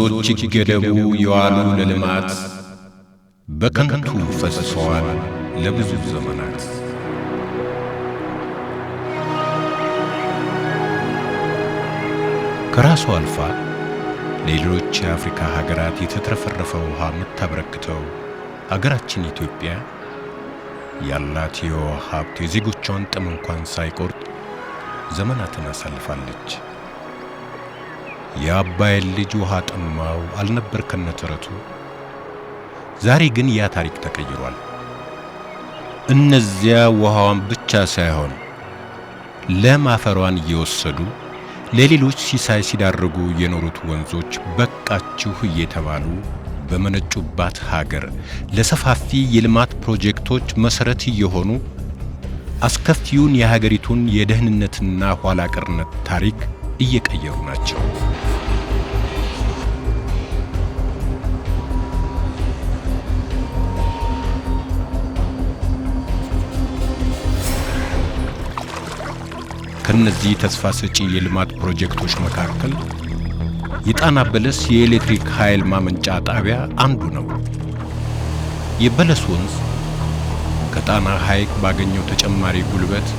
ወንዞች ይገደቡ የዋሉ ለልማት በከንቱ ፈስሰዋል ለብዙ ዘመናት። ከራሱ አልፋ ሌሎች የአፍሪካ ሀገራት የተትረፈረፈ ውሃ የምታበረክተው ሀገራችን ኢትዮጵያ ያላት የውሃ ሀብት የዜጎቿን ጥም እንኳን ሳይቆርጥ ዘመናትን አሳልፋለች። የአባይን ልጅ ውሃ ጠማው አልነበር ከነተረቱ ዛሬ ግን ያ ታሪክ ተቀይሯል። እነዚያ ውሃዋን ብቻ ሳይሆን ለም አፈሯን እየወሰዱ ለሌሎች ሲሳይ ሲዳርጉ የኖሩት ወንዞች በቃችሁ እየተባሉ በመነጩባት ሀገር ለሰፋፊ የልማት ፕሮጀክቶች መሠረት እየሆኑ አስከፊውን የሀገሪቱን የደህንነትና ኋላ ታሪክ እየቀየሩ ናቸው። ከእነዚህ ተስፋ ሰጪ የልማት ፕሮጀክቶች መካከል የጣና በለስ የኤሌክትሪክ ኃይል ማመንጫ ጣቢያ አንዱ ነው። የበለስ ወንዝ ከጣና ሐይቅ ባገኘው ተጨማሪ ጉልበት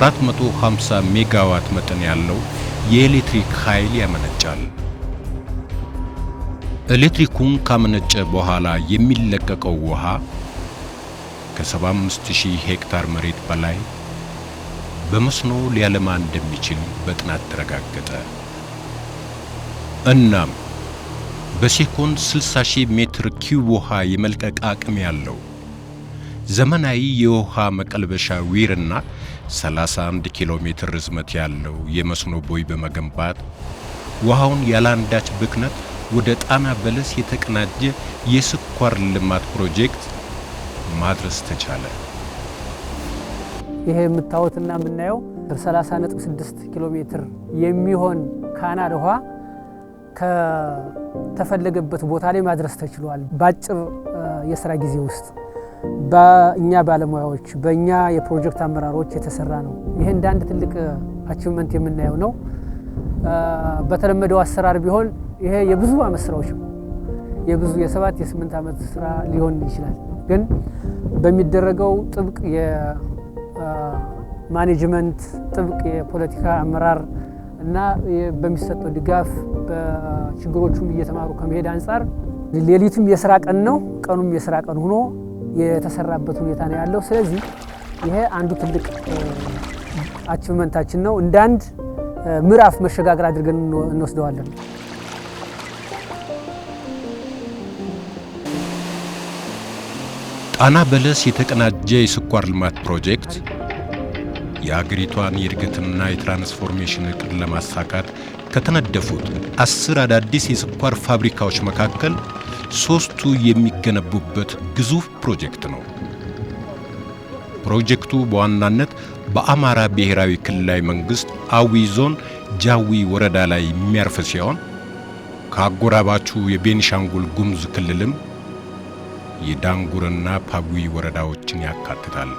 450 ሜጋዋት መጠን ያለው የኤሌክትሪክ ኃይል ያመነጫል። ኤሌክትሪኩን ካመነጨ በኋላ የሚለቀቀው ውሃ ከ75000 ሄክታር መሬት በላይ በመስኖ ሊያለማ እንደሚችል በጥናት ተረጋገጠ። እናም በሴኮንድ 60 ሺህ ሜትር ኪዩብ ውሃ የመልቀቅ አቅም ያለው ዘመናዊ የውሃ መቀልበሻ ዊርና 31 ኪሎ ሜትር ርዝመት ያለው የመስኖ ቦይ በመገንባት ውሃውን ያለአንዳች ብክነት ወደ ጣና በለስ የተቀናጀ የስኳር ልማት ፕሮጀክት ማድረስ ተቻለ። ይሄ የምታዩትና የምናየው 30.6 ኪሎ ሜትር የሚሆን ካናል ውሃ ከተፈለገበት ቦታ ላይ ማድረስ ተችሏል። በአጭር የስራ ጊዜ ውስጥ በእኛ ባለሙያዎች በእኛ የፕሮጀክት አመራሮች የተሰራ ነው። ይሄ እንደ አንድ ትልቅ አቺቭመንት የምናየው ነው። በተለመደው አሰራር ቢሆን ይሄ የብዙ አመት ስራዎች የብዙ የሰባት የስምንት ዓመት ስራ ሊሆን ይችላል። ግን በሚደረገው ጥብቅ ማኔጅመንት፣ ጥብቅ የፖለቲካ አመራር እና በሚሰጠው ድጋፍ በችግሮቹም እየተማሩ ከመሄድ አንጻር ሌሊቱም የስራ ቀን ነው፣ ቀኑም የስራ ቀን ሆኖ የተሰራበት ሁኔታ ነው ያለው። ስለዚህ ይሄ አንዱ ትልቅ አቺቭመንታችን ነው። እንደ አንድ ምዕራፍ መሸጋገር አድርገን እንወስደዋለን። ጣና በለስ የተቀናጀ የስኳር ልማት ፕሮጀክት የአገሪቷን የእድገትና የትራንስፎርሜሽን እቅድ ለማሳካት ከተነደፉት አስር አዳዲስ የስኳር ፋብሪካዎች መካከል ሦስቱ የሚገነቡበት ግዙፍ ፕሮጀክት ነው። ፕሮጀክቱ በዋናነት በአማራ ብሔራዊ ክልላዊ መንግሥት አዊ ዞን ጃዊ ወረዳ ላይ የሚያርፍ ሲሆን ከአጎራባቹ የቤንሻንጉል ጉሙዝ ክልልም የዳንጉርና ፓጉይ ወረዳዎችን ያካትታል።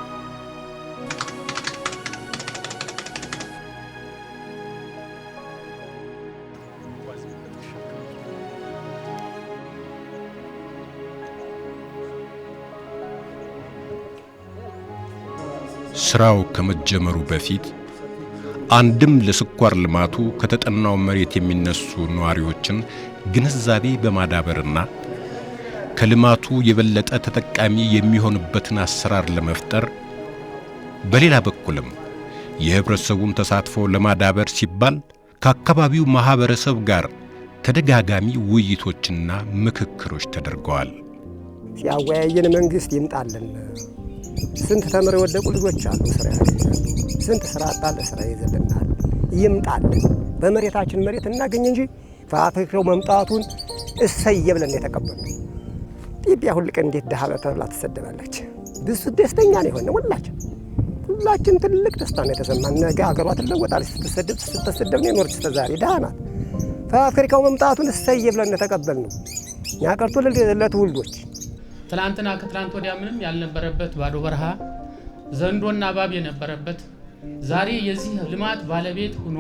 ስራው ከመጀመሩ በፊት አንድም ለስኳር ልማቱ ከተጠናው መሬት የሚነሱ ነዋሪዎችን ግንዛቤ በማዳበርና ከልማቱ የበለጠ ተጠቃሚ የሚሆንበትን አሰራር ለመፍጠር በሌላ በኩልም የህብረተሰቡን ተሳትፎ ለማዳበር ሲባል ከአካባቢው ማኅበረሰብ ጋር ተደጋጋሚ ውይይቶችና ምክክሮች ተደርገዋል። ሲያወያየን መንግሥት ይምጣልን፣ ስንት ተምር የወደቁ ልጆች አሉ፣ ስራ ስንት ስራ አጣለ፣ ስራ ይዘልናል፣ ይምጣልን፣ በመሬታችን መሬት እናገኝ እንጂ ፋብሪካው መምጣቱን እሰየ ብለን የተቀበሉ ኢትዮጵያ ሁል ቀን እንዴት ድሃ ተብላ ትሰደባለች? ብሱ ደስተኛ ነው የሆነ ሁላችን ሁላችን ትልቅ ደስታ ነው የተሰማን። ነገ ሀገሯ ትለወጣለች። ስትሰደብ ስትሰደብ ነው የኖረች እስከ ዛሬ ድሃ ናት። ከአፍሪካው መምጣቱን እሰየ ብለን ተቀበልነው። ነው እኛ ቀርቶ ለትውልዶች። ትላንትና ከትላንት ወዲያ ምንም ያልነበረበት ባዶ በረሃ ዘንዶና እባብ የነበረበት ዛሬ የዚህ ልማት ባለቤት ሆኖ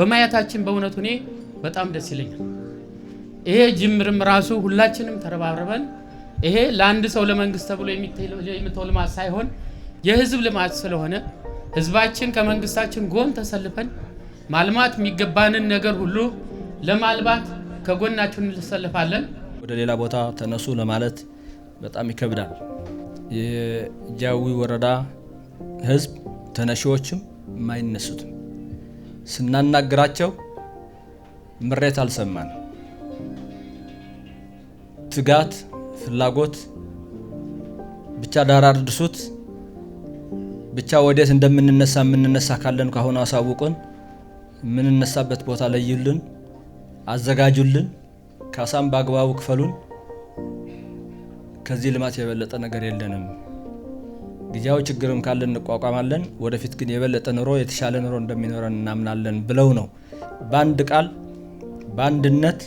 በማየታችን በእውነት ሁኔ በጣም ደስ ይለኛል። ይሄ ጅምርም ራሱ ሁላችንም ተረባርበን ይሄ ለአንድ ሰው ለመንግስት ተብሎ የሚተው ልማት ሳይሆን የህዝብ ልማት ስለሆነ ህዝባችን ከመንግስታችን ጎን ተሰልፈን ማልማት የሚገባንን ነገር ሁሉ ለማልባት ከጎናችን እንሰልፋለን። ወደ ሌላ ቦታ ተነሱ ለማለት በጣም ይከብዳል። የጃዊ ወረዳ ህዝብ ተነሺዎችም የማይነሱትም ስናናግራቸው ምሬት አልሰማንም። ትጋት፣ ፍላጎት ብቻ ዳራ አድርሱት። ብቻ ወዴት እንደምንነሳ የምንነሳ ካለን ካሁኑ አሳውቁን። የምንነሳበት ቦታ ለዩልን፣ አዘጋጁልን፣ ካሳም በአግባቡ ክፈሉን። ከዚህ ልማት የበለጠ ነገር የለንም። ጊዜያዊ ችግርም ካለን እንቋቋማለን። ወደፊት ግን የበለጠ ኑሮ፣ የተሻለ ኑሮ እንደሚኖረን እናምናለን ብለው ነው በአንድ ቃል በአንድነት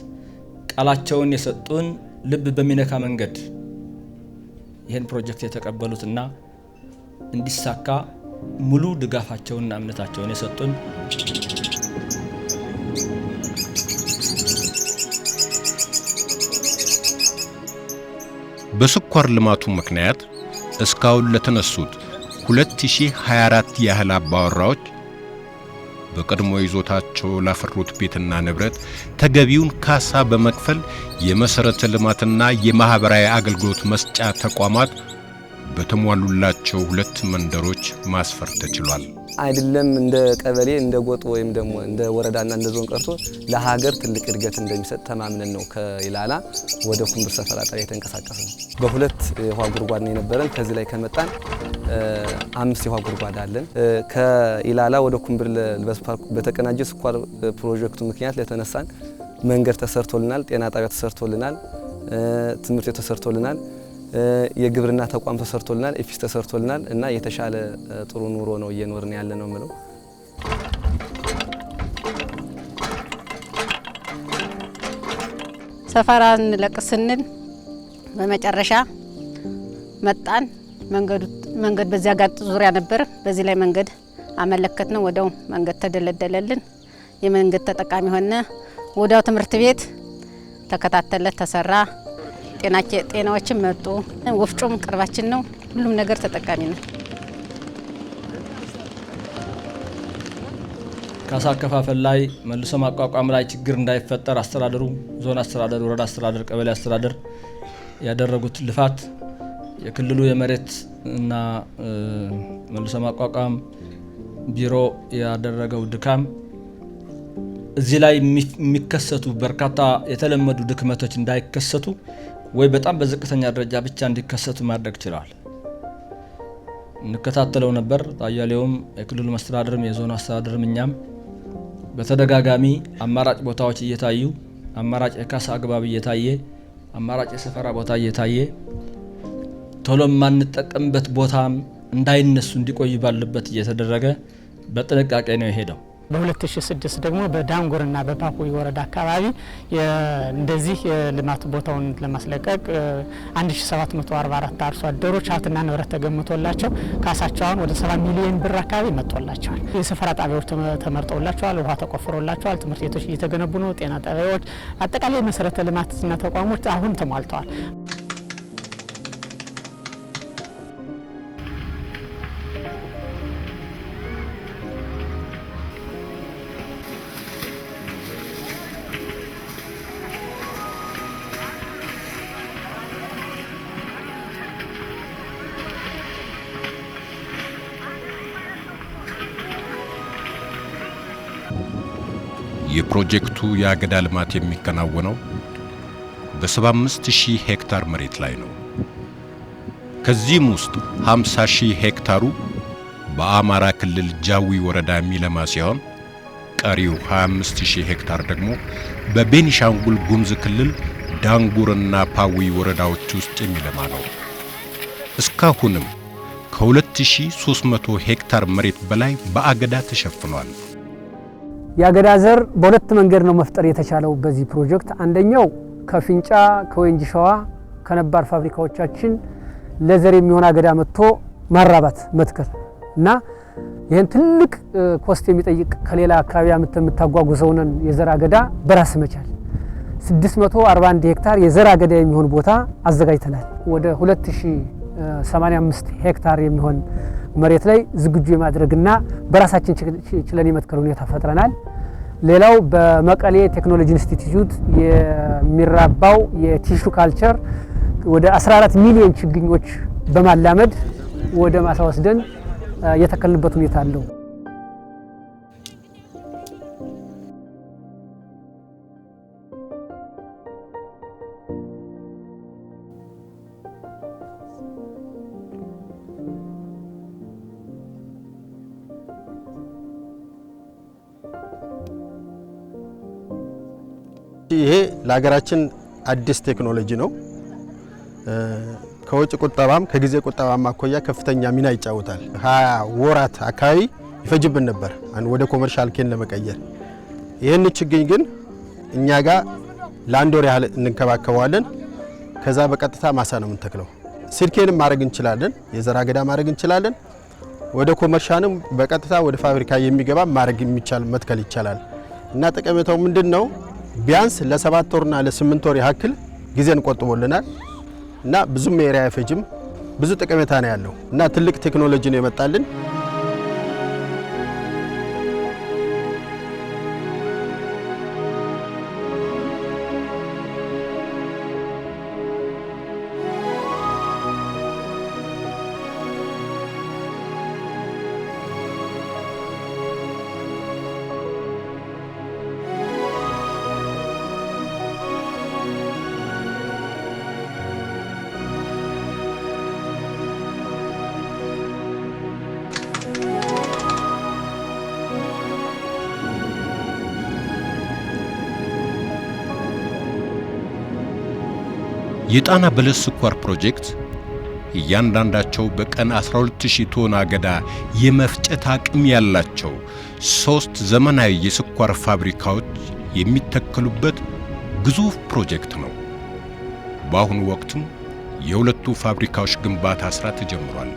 ቃላቸውን የሰጡን ልብ በሚነካ መንገድ ይህን ፕሮጀክት የተቀበሉትና እንዲሳካ ሙሉ ድጋፋቸውንና እምነታቸውን የሰጡን በስኳር ልማቱ ምክንያት እስካሁን ለተነሱት 2024 ያህል አባወራዎች በቀድሞ ይዞታቸው ላፈሩት ቤትና ንብረት ተገቢውን ካሳ በመክፈል የመሠረተ ልማትና የማኅበራዊ አገልግሎት መስጫ ተቋማት በተሟሉላቸው ሁለት መንደሮች ማስፈር ተችሏል። አይደለም እንደ ቀበሌ እንደ ጎጥ ወይም ደግሞ እንደ ወረዳና እንደ ዞን ቀርቶ ለሀገር ትልቅ እድገት እንደሚሰጥ ተማምነን ነው ከኢላላ ወደ ኩምብር ሰፈር አጠር የተንቀሳቀስ ነው። በሁለት የውሃ ጉድጓድ ነው የነበረን። ከዚህ ላይ ከመጣን አምስት የውሃ ጉድጓድ አለን። ከኢላላ ወደ ኩምብር በተቀናጀ ስኳር ፕሮጀክቱ ምክንያት ለተነሳን መንገድ ተሰርቶልናል፣ ጤና ጣቢያ ተሰርቶልናል፣ ትምህርት ቤት ተሰርቶልናል። የግብርና ተቋም ተሰርቶልናል፣ ኤፊስ ተሰርቶልናል እና የተሻለ ጥሩ ኑሮ ነው እየኖርን ያለ ነው ምለው ሰፈራ እንለቅ ስንል በመጨረሻ መጣን። መንገድ በዚያ ጋር ዙሪያ ነበር። በዚህ ላይ መንገድ አመለከት ነው። ወዲያው መንገድ ተደለደለልን። የመንገድ ተጠቃሚ ሆነ። ወዲያው ትምህርት ቤት ተከታተለ፣ ተሰራ። ጤናዎችን መጡ። ወፍጮም ቅርባችን ነው። ሁሉም ነገር ተጠቃሚ ነው። ካሳ አከፋፈል ላይ መልሶ ማቋቋም ላይ ችግር እንዳይፈጠር አስተዳደሩ፣ ዞን አስተዳደር፣ ወረዳ አስተዳደር፣ ቀበሌ አስተዳደር ያደረጉት ልፋት የክልሉ የመሬት እና መልሶ ማቋቋም ቢሮ ያደረገው ድካም እዚህ ላይ የሚከሰቱ በርካታ የተለመዱ ድክመቶች እንዳይከሰቱ ወይ በጣም በዝቅተኛ ደረጃ ብቻ እንዲከሰቱ ማድረግ ችለዋል። እንከታተለው ነበር። አያሌውም፣ የክልሉ መስተዳድርም፣ የዞኑ አስተዳድርም እኛም በተደጋጋሚ አማራጭ ቦታዎች እየታዩ አማራጭ የካሳ አግባብ እየታየ አማራጭ የሰፈራ ቦታ እየታየ ቶሎ የማንጠቀምበት ቦታም እንዳይነሱ እንዲቆዩ ባለበት እየተደረገ በጥንቃቄ ነው የሄደው። በ2006 ደግሞ በዳንጉርና በፓፑይ ወረዳ አካባቢ እንደዚህ የልማት ቦታውን ለማስለቀቅ 1744 አርሶ አደሮች ሀብትና ንብረት ተገምቶላቸው ካሳቸውን ወደ 7 ሚሊዮን ብር አካባቢ መጥቶላቸዋል። የሰፈራ ጣቢያዎች ተመርጠውላቸዋል። ውሃ ተቆፍሮላቸዋል። ትምህርት ቤቶች እየተገነቡ ነው። ጤና ጣቢያዎች፣ አጠቃላይ መሰረተ ልማትና ተቋሞች አሁን ተሟልተዋል። የፕሮጀክቱ የአገዳ ልማት የሚከናወነው በ 75000 ሄክታር መሬት ላይ ነው። ከዚህም ውስጥ 50 ሄክታሩ በአማራ ክልል ጃዊ ወረዳ የሚለማ ሲሆን ቀሪው 25 ሄክታር ደግሞ በቤኒሻንጉል ጉምዝ ክልል ዳንጉርና ፓዊ ወረዳዎች ውስጥ የሚለማ ነው። እስካሁንም ከ2300 ሄክታር መሬት በላይ በአገዳ ተሸፍኗል። የአገዳ ዘር በሁለት መንገድ ነው መፍጠር የተቻለው በዚህ ፕሮጀክት። አንደኛው ከፊንጫ ከወንጂ ሸዋ ከነባር ፋብሪካዎቻችን ለዘር የሚሆን አገዳ መጥቶ ማራባት መትከል እና ይህን ትልቅ ኮስት የሚጠይቅ ከሌላ አካባቢ የምታጓጉዘውንን የዘር አገዳ በራስ መቻል 641 ሄክታር የዘር አገዳ የሚሆን ቦታ አዘጋጅተናል። ወደ 2000 85 ሄክታር የሚሆን መሬት ላይ ዝግጁ የማድረግና በራሳችን ችለን የመትከል ሁኔታ ፈጥረናል። ሌላው በመቀሌ ቴክኖሎጂ ኢንስቲትዩት የሚራባው የቲሹ ካልቸር ወደ 14 ሚሊዮን ችግኞች በማላመድ ወደ ማሳ ወስደን የተከልንበት ሁኔታ አለው። ይሄ ለሀገራችን አዲስ ቴክኖሎጂ ነው። ከውጭ ቁጠባም ከጊዜ ቁጠባም አኮያ ከፍተኛ ሚና ይጫወታል። ሀያ ወራት አካባቢ ይፈጅብን ነበር ወደ ኮመርሻል ኬን ለመቀየር። ይህን ችግኝ ግን እኛ ጋር ለአንድ ወር ያህል እንንከባከበዋለን። ከዛ በቀጥታ ማሳ ነው የምንተክለው። ሲድኬንም ማድረግ እንችላለን፣ የዘር አገዳ ማድረግ እንችላለን። ወደ ኮመርሻልም በቀጥታ ወደ ፋብሪካ የሚገባ ማድረግ የሚቻል መትከል ይቻላል እና ጠቀሜታው ምንድን ነው? ቢያንስ ለሰባት ወርና ለስምንት ወር ያክል ጊዜን ቆጥቦልናል እና ብዙም ኤሪያ አይፈጅም። ብዙ ጠቀሜታ ነው ያለው እና ትልቅ ቴክኖሎጂ ነው የመጣልን። የጣና በለስ ስኳር ፕሮጀክት እያንዳንዳቸው በቀን 12000 ቶን አገዳ የመፍጨት አቅም ያላቸው ሶስት ዘመናዊ የስኳር ፋብሪካዎች የሚተከሉበት ግዙፍ ፕሮጀክት ነው። በአሁኑ ወቅትም የሁለቱ ፋብሪካዎች ግንባታ ሥራ ተጀምሯል።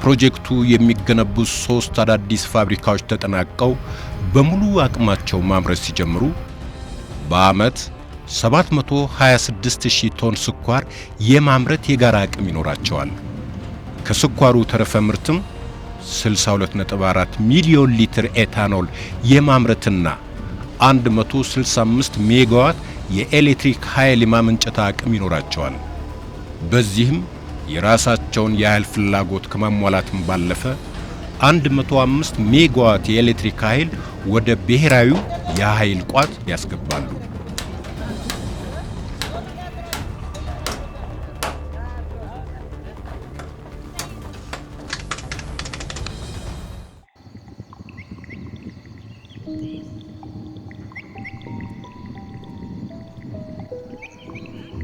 በፕሮጀክቱ የሚገነቡ ሶስት አዳዲስ ፋብሪካዎች ተጠናቀው በሙሉ አቅማቸው ማምረት ሲጀምሩ በዓመት 726000 ቶን ስኳር የማምረት የጋራ አቅም ይኖራቸዋል። ከስኳሩ ተረፈ ምርትም 624 ሚሊዮን ሊትር ኤታኖል የማምረትና 165 ሜጋዋት የኤሌክትሪክ ኃይል የማመንጨት አቅም ይኖራቸዋል። በዚህም የራሳቸውን የኃይል ፍላጎት ከማሟላትም ባለፈ 105 ሜጋዋት የኤሌክትሪክ ኃይል ወደ ብሔራዊ የኃይል ቋት ያስገባሉ።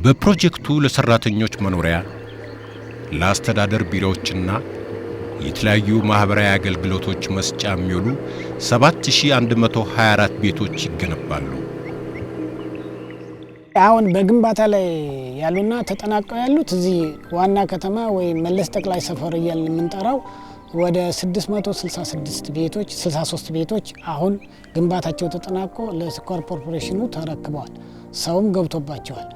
በፕሮጀክቱ ለሰራተኞች መኖሪያ ለአስተዳደር ቢሮዎችና የተለያዩ ማኅበራዊ አገልግሎቶች መስጫ የሚውሉ 7124 ቤቶች ይገነባሉ። አሁን በግንባታ ላይ ያሉና ተጠናቀው ያሉት እዚህ ዋና ከተማ ወይም መለስ ጠቅላይ ሰፈር እያልን የምንጠራው ወደ 666 ቤቶች 63 ቤቶች አሁን ግንባታቸው ተጠናቆ ለስኳር ኮርፖሬሽኑ ተረክበዋል። ሰውም ገብቶባቸዋል።